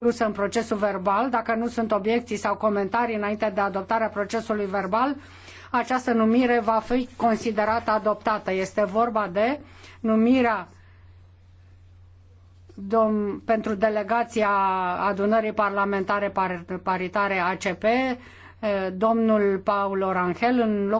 inclusă în procesul verbal. Dacă nu sunt obiecții sau comentarii înainte de adoptarea procesului verbal, această numire va fi considerată adoptată. Este vorba de numirea dom- pentru delegația adunării parlamentare par- paritare ACP, eh, domnul Paul Orangel în loc.